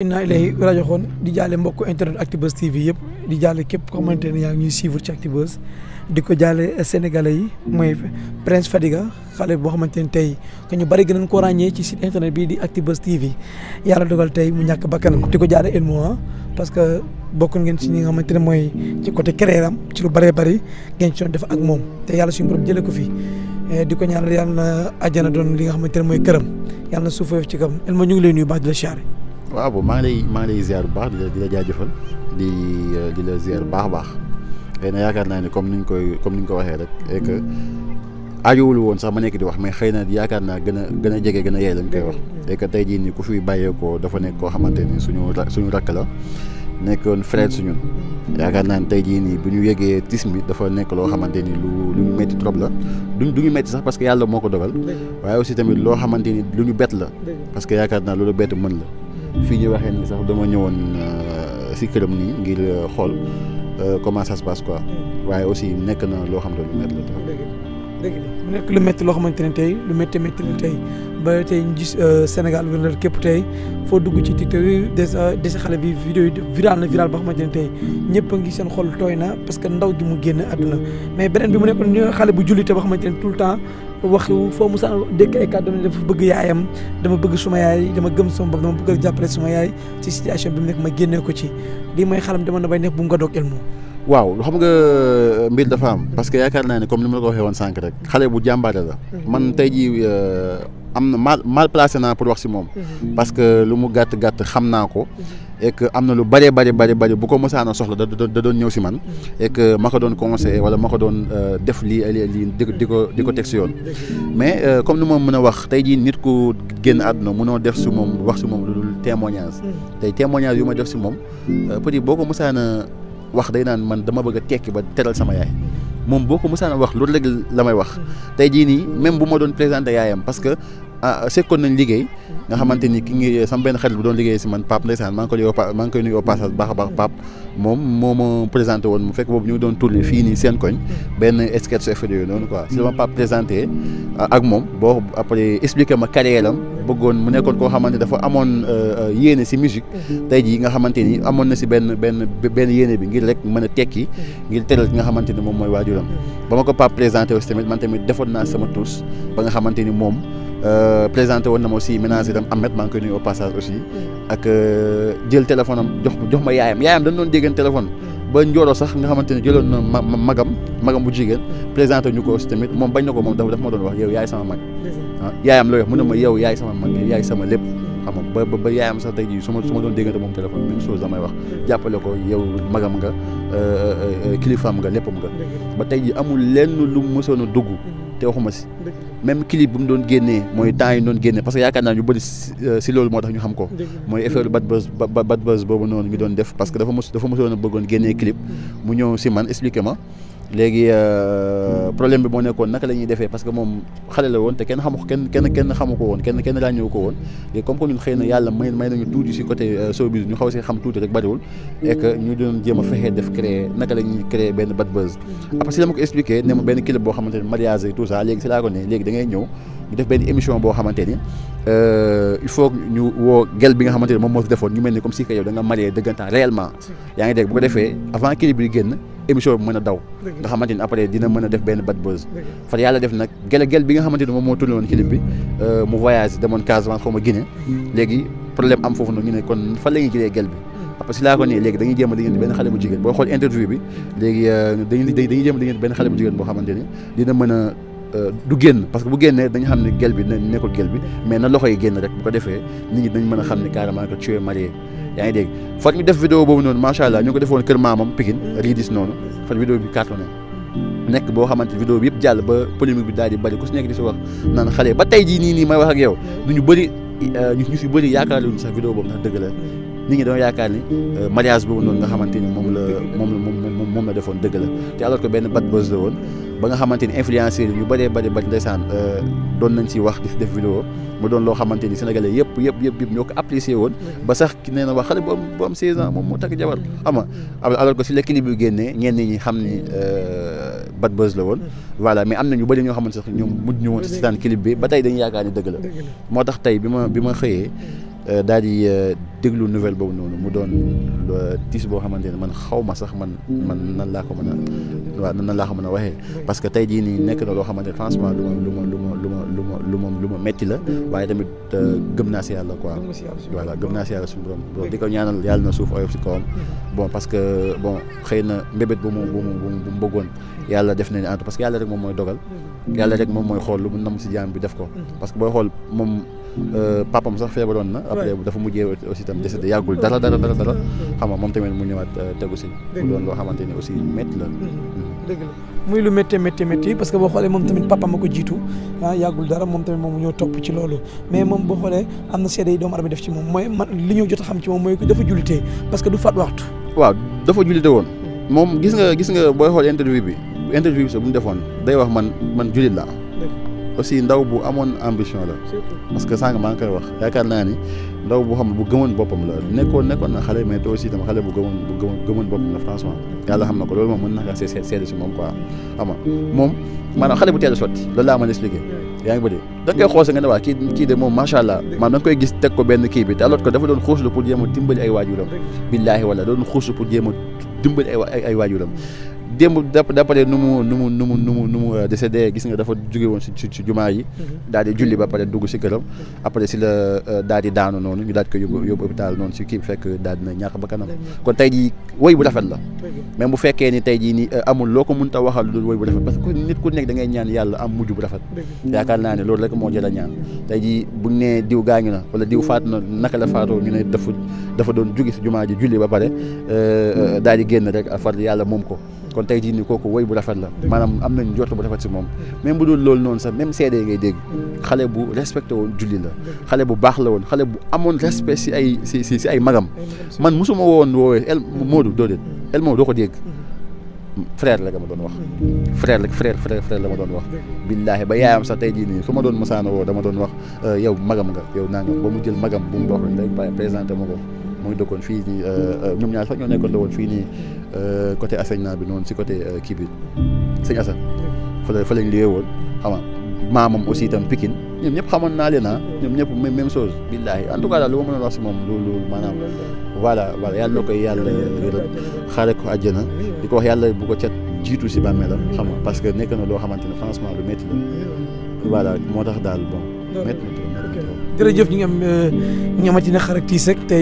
inna rajo rajoxoon di jaale mbokk internet Actubuzz TV yëpp di jaale képp ko xamante ne yaa ngi ñuy suivre ci Actubuzz di ko jaale sénégalais yi mooy Prince Fadiga xale boo xamante ne tey que ñu bari gën a ko ràññee ci site internet bii di Actubuzz TV yàlla dogal tey mu ñàkk bakkanam di ko jaale Elmo ah, parce que bokk ngeen ci ñi nga xamante ne mooy ci côté carrière am ci lu bëree bari ngeen ci doon def ak moom te yàlla suñu borom jëlee ko fi eh, di ko ñaanal yàlla na àjjana doon li nga xamante ne mooy këram yàlla na suuf ci kam Elmo ñu ngi leen nuyu baax di la waaw boobu maa ngi lay maa bu baax di la di la jaajëfal di euh, di la ziar bu baax a baax xëy yaakaar naa ne comme ñu koy comme niñ ko waxee rek et que aajowul woon sax ma nekk di wax mais xëy na yaakaar naa gën a gën a jege gën a yee lañ koy wax. et tey jii nii ku fi bàyyeekoo dafa nekk koo xamante ni suñu ra suñu rakk la nekk nekkoon frère suñu yaakaar naa ne tey jii nii bu ñu yéegee tis mi dafa nekk loo xamante ni lu lu ñu métti trop la duñ du ñu métti sax parce que yàlla moo ko dogal. waaye aussi tamit loo xamante ni lu ñu bett la. parce que yaakaar naa loolu bett mën la fii ñu waxee ni sax dama ñëwoon euh, si këram nii ngir euh, xool euh, comment ça se passe quoi waaye aussi nekk na loo xam ne lu métti nekk lu métti loo xamante ne tey lu métti métti la tey ba tey ñu gis Sénégal wala képp tey foo dugg ci TikTok yi dèjà dèjà xale bi vidéo yi viral na viral boo xamante ne tey ñëpp a ngi seen xool tooy na parce que ndaw gi mu génn àdduna mais beneen bi mu nekk xale bu jullite boo xamante ne tout le temps. wax foo musa dégg ay kàddu ne dafa bëgg yaayam dama bëgg suma yaay dama gëm sama bopp dama bëgg jàppale suma yaay ci situation bi mu nekk ma génnee ko ci lii may xalam dama na bay nekk bu mu nga doog ilmu waaw xam nga euh, mbir dafa am parce que yaakaar naa ne comme ni ma la ko waxee woon sànq rek xale bu jàmbaare la mhm. man tey jii euh, am na mal mal placé naa pour wax si moom mhm. parce que lu mu gàtt gàtt xam naa ko mhm. et am na lu bëree bëri bëri bëri bu ko mosaan a soxla da da doon ñëw si man mm-hmm. et ma ko doon conseillé wala ma ko doon euh, def lii lii di di ko di ko teg si yoon mais euh, comme ni ma mën a wax tey jii nit ku génn àdduna mënoo def si moom wax si moom lu mm-hmm. tey témoignage yu ma def si moom euh, peut être boo ko mosaan a wax day naan man dama bëgg tekki ba teral sama yaay moom boo ko mosaan wax loolu rek la may wax mm-hmm. tey jii nii même bu ma doon présenté yaayam parce que Ah, sekkoon nañ liggéey nga xamante ni ki ngi sama benn xarit bu doon liggéey si man Pape ndeysaan maa ngi koy maa ngi koy nuyu au passage baax baax Pape moom moo ma présenté woon mu fekk boobu ñu doon tourné fii nii seen koñ benn sketch effet yooyu noonu quoi si la ma Pape ah, ak moom boo après expliqué ma carrière am bëggoon mu nekkoon koo xamante dafa amoon euh, euh, yéene si musique mhm. tey jii nga xamante ni amoon na si benn benn benn yéene bi ngir rek mën a tekki mhm. ngir teral ki nga xamante ni moom mooy waajuram mhm. ba ma ko pap présenté aussi man tamit defoon naa sama tuus ba nga xamante ni moom euh, présenté woon na ma aussi ménage itam Ahmed maa ngi koy nuyu au passage aussi ak jël téléphone jox ma jox ma yaayam yaayam dañ doon déggante téléphone ba njooloo sax nga xamante ne jëloon na ma magam magam bu jigéen présenté ñu ko aussi tamit moom bañ na ko moom daf ma doon wax yow yaay sama mag. Ah, yaayam la wax mu na ma yow yaay sama mag yaay sama lépp. xam nga ba ba yaayam sax tey jii su ma su ma doon déggante moom téléphone même chose damay wax jàppale ko yow magam nga euh, euh, euh, kilifaam nga léppam nga ba tey jii amul lenn lu mësoon a dugg mm-hmm. te waxuma si même clip bu mu doon génnee mooy temps yi doon génnee parce que yaakaar naa ñu bëri si loolu moo tax ñu xam ko mooy effet bad buzz bad buzz boobu noonu ñu doon def parce que dafa mos dafa mësoon a bëggoon génnee clip mm-hmm. mu ñëw si man expliqué ma léegi euh, problème bi moo nekkoon naka la ñuy defee parce que moom xale la woon te kenn xamu kenn kenn kenn xamu ko woon kenn kenn ràññewu ko woon léegi comme que ñun xëy na yàlla may may nañu tuuti si côté euh, showbiz ñu xaw si xam tuuti rek bariwul et ñu doon jéem fexee def créer naka la ñuy créer benn bad buzz après si la ma ko expliqué ne ma benn clip boo xamante ne mariage et tout ça léegi si laa ko ne léegi da ñëw ñu def benn émission boo xamante ni euh, il faut ñu woo gel bi nga xamante ni moom moo fi defoon ñu mel ni comme si que yow da nga marié dëggantaan réellement yaa ngi dégg bu ko defee avant clip bi génn émission bi mën a daw nga xamante ni après dina mën a def benn bad buzz far yàlla def nag gel gel bi nga xamante ni moom moo tourné woon clip bi euh, mu voyage demoon Casamance xaw ma Guinée hmm. léegi problème am foofu noonu ñu ne kon fa la ñuy jëlee gel bi hmm. parce que laa ko benn xale bu jigéen boo xool interview bi léegi euh, dañuy xale bu jigéen boo xamante ni dina mën a Euh, du génn parce que bu génnee dañu xam ne gel bi nekkul gel bi mais na loxo yi génn rek bu ko defee nit ñi dañ mën a xam ne carrément que tu yaa ngi dégg fat ñu def vidéo boobu noonu macha allah ñu ko defoon kër maamam Pikine Ridis noonu fat vidéo bi cartonné nekk boo xamante vidéo bi yëpp jàll ba polémique bi daal di bari ku si nekk di si wax naan xale ba tey jii nii nii may wax ak yow du ñu bëri euh, ñu si bëri yaakaaruñu sax vidéo boobu ndax dëgg nit ñi dañoo yaakaar ni euh, mariage boobu noonu nga xamante ni moom la moom moom moom la defoon dëgg la te alors que benn bad buzz la woon ba nga xamante ni influenceurs yu bëree bëri bëri ndeysaan euh, doon nañ ci wax di def vidéo mu doon loo xamante ni sénégalais yëpp yëpp yëpp yëpp ñoo ko apprécié woon ba sax ki nee wax xale bu am bu moom moo takk jabar ama alors que si le clip bi génnee ñenn ñi xam ni euh, bad buzz la woon voilà mais am na ñu bëri ñoo xamante sax ñoom mujj ñu woon seetaan clip bi ba tey dañu yaakaar ni dëgg la moo tax tey bi ma bi ma xëyee daal di déglu nouvelle boobu noonu mu doon euh, tiis boo xamante ne man xaw ma sax man man nan laa ko mën a waaw nan laa ko mën a waxee parce que tey jii nii nekk na loo xamante ne franchement lu ma lu ma lu ma lu metti la waaye tamit euh, gëm yàlla quoi voilà gëm yàlla suñu borom di ko ñaanal yàlla na suuf oyof si kawam bon parce que bon xëy na mbébét bu mu bu mu bëggoon yàlla def na ne antu parce que yàlla rek moom mooy dogal yàlla rek moom mooy xool lu mu nam si jaam bi def ko parce booy xool moom euh, papam sax feebaroon na après tam décédé yàggul dara dara dara dara xam nga moom tamit mu ñëwaat euh, tegu si loo xamante ni aussi métti la mm-hmm. dëgg la muy lu métti métti métti parce que boo xoolee moom tamit papa ma ko jiitu ah yàggul dara moom tamit moom ñoo topp ci loolu mais moom boo xoolee am na seede doomu aadama def ci moom mooy man li ñu jot a xam ci moom mooy dafa jullitee parce que du faat waxtu waaw dafa jullite woon mm. moom gis nga gis nga booy xool interview bi interview bi sax bu ñu defoon day wax man man jullit laa aussi ndaw bu amoon ambition la parce que sànq maa ngi koy wax yaakaar naa ni ndaw bu xam bu gëmoon boppam la nekkoon nekkoon na xale mais te aussi tam xale bu gëmoon boppam la franchement yàlla xam na ko loolu moom mën naa kaa see seede si moom quoi xam nga moom maanaam xale bu teel a sotti loolu laa mën a expliquer yaa ngi bëri da nga koy xoose nga ne waa kii kii de moom macha allah maanaam da koy gis teg ko benn kii bi te alors que dafa doon xuuslu pour jéem a a démb d'après nu mu nu mu nu mu nu mu nu mu euh, décédé gis nga dafa jóge woon si ci jumaa yi mhm. daal di julli ba pare dugg si këram mhm. après si la euh, daal di daanu noonu ñu daal ko yóbbu yóbbu hôpital noonu si kii fekk daal dina ba kanam kon tey jii woy bu rafet la même bu fekkee ni tey jii ni euh, amul loo ko mën ta waxal loolu woy bu rafet que nit ku nekk da ñaan yàlla am mujj bu rafet yaakaar naa ne loolu rek moo jël a ñaan mhm. tey ji bu nee diw gaañu na wala diw faatu na naka la faatoo ñu ne dafa dafa doon jóge si jumaa ji julli ba pare daal di génn rek far yàlla moom ko kon tey jii nii kooku woy bu rafet la maanaam am nañ njort bu rafet si moom même bu dul loolu noonu sax même seede ngay dégg xale bu respecté woon julli la xale bu baax la woon xale bu amoon respect si ay si si ay magam man mosuma woon woowee el Modou déedéet el Modou doo ko dégg frère la nga ma doon wax frère la frère la ma doon wax billaahi ba yaayam sax tey jii nii su ma doon mosaana woo dama doon wax euh, yow magam nga yow nangam ba mu jël magam bu mu wax rek présenté ma ko mooy dëkkoon fii nii euh, mm-hmm. euh, ñoom ñaar sax ñoo nekkoon la woon fii nii euh, côté Assainignat bi noonu si côté kii bi sëñ Assane fa la fa lañ liggéey woon xam nga maamam aussi itam Pikine ñoom ñëpp xamoon naa leen ah ñoom ñëpp même chose billaahi en daal lu ma mënoon wax si moom loolu maanaam voilà voilà yàlla na koy yàlla yërëm xaare ko àjjana di ko wax yàlla bu ko cat jiitu si bàmmeelam xam nga parce que nekk na loo xamante ne franchement lu métti la voilà moo tax daal bon métti na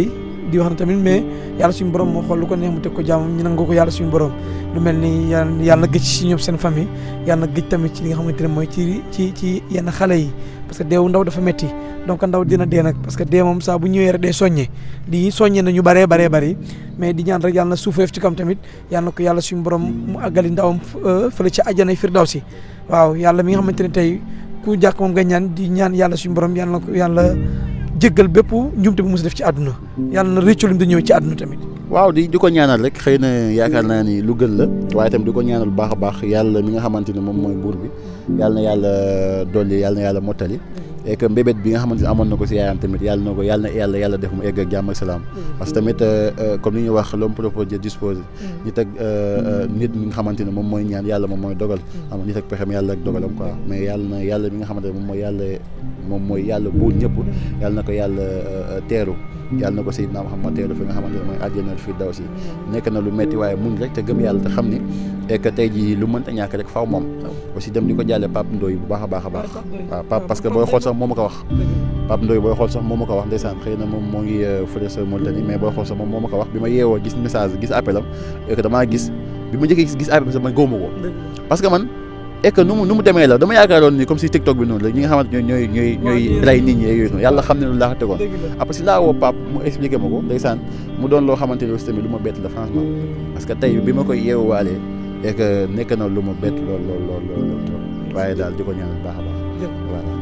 di wax na tamit mais yàlla suñu borom moo xool ko neex mu ko jàmm ñu nangoo ko yàlla suñu borom lu mel ni yàlla yàlla gëj ci ñoom seen famille yàlla gëj tamit ci li nga xamante ne mooy ci ci ci yenn xale yi parce que deewu ndaw dafa metti donc ndaw dina dee nag parce que dee moom saa bu ñëwee rek day soññe di soññe nañu baree baree bari mais di ñaan rek yàlla na suufeef ci kam tamit yàlla ko yàlla suñ borom mu àggali ndawam euh, fële ci àjjana si waaw yàlla mi nga xamante ne tey ku jàkk moom nga ñaan di ñaan yàlla suñu borom yàlla na ko yalla jëggal bépp njumte bu mos def ci àdduna yàlla na réccu lim di ñëwee ci àdduna tamit waaw di di ko ñaanal rek xëy na yaakaar naa ni lu gën la waaye tam di ko ñaanal baax a baax yàlla mi nga xamante ne moom mooy buur bi yàlla na yàlla dolli yàlla na yàlla mottali et que mbébét bi nga xamante ne amoon na ko si yaayam tamit yàlla na ko yàlla na yàlla yàlla def mu egg ak jàmm ak salaam mm-hmm. parce que tamit euh, euh, comme li ñuy wax l'homme propose Dieu dispose mm-hmm. nit ak euh, mm-hmm. nit mi nga xamante ne moom mooy ñaan yàlla moom mooy dogal xam nit ak pexem yàlla ak dogalam quoi mais yàlla na yàlla mi nga xamante ne moom mooy yàlla moom ñëpp yàlla na ko yàlla teeru yàlla na ko Seydina Muhammad teeru fi nga xamante ne mooy àjjana fi daw si nekk na lu metti waaye muñ rek te gëm yàlla te xam ni et que tey jii lu mënta ñàkk rek faw moom aussi dem di ko jàlle Pape Ndoye bu baax a baax a baax waaw Pape parce que booy xool sax moo ma wax Pape Ndoye booy xool sax moo ma wax ndeysaan xëy na moom moo ngi euh, fële sa ñi nga xamante ñooy ñooy ñooy ñooy ñi yooyu noonu yàlla xam ne lu laa tegoon après si laa woo Pape mu expliqué ma ko ndeysaan mu doon loo xamante ne aussi tamit lu ma bett la franchement mm. parce que tey bi ma koy yeewuwaalee et nekk na lu ma bett lool lool lool lool waaye daal di ko ñaanal baax a baax.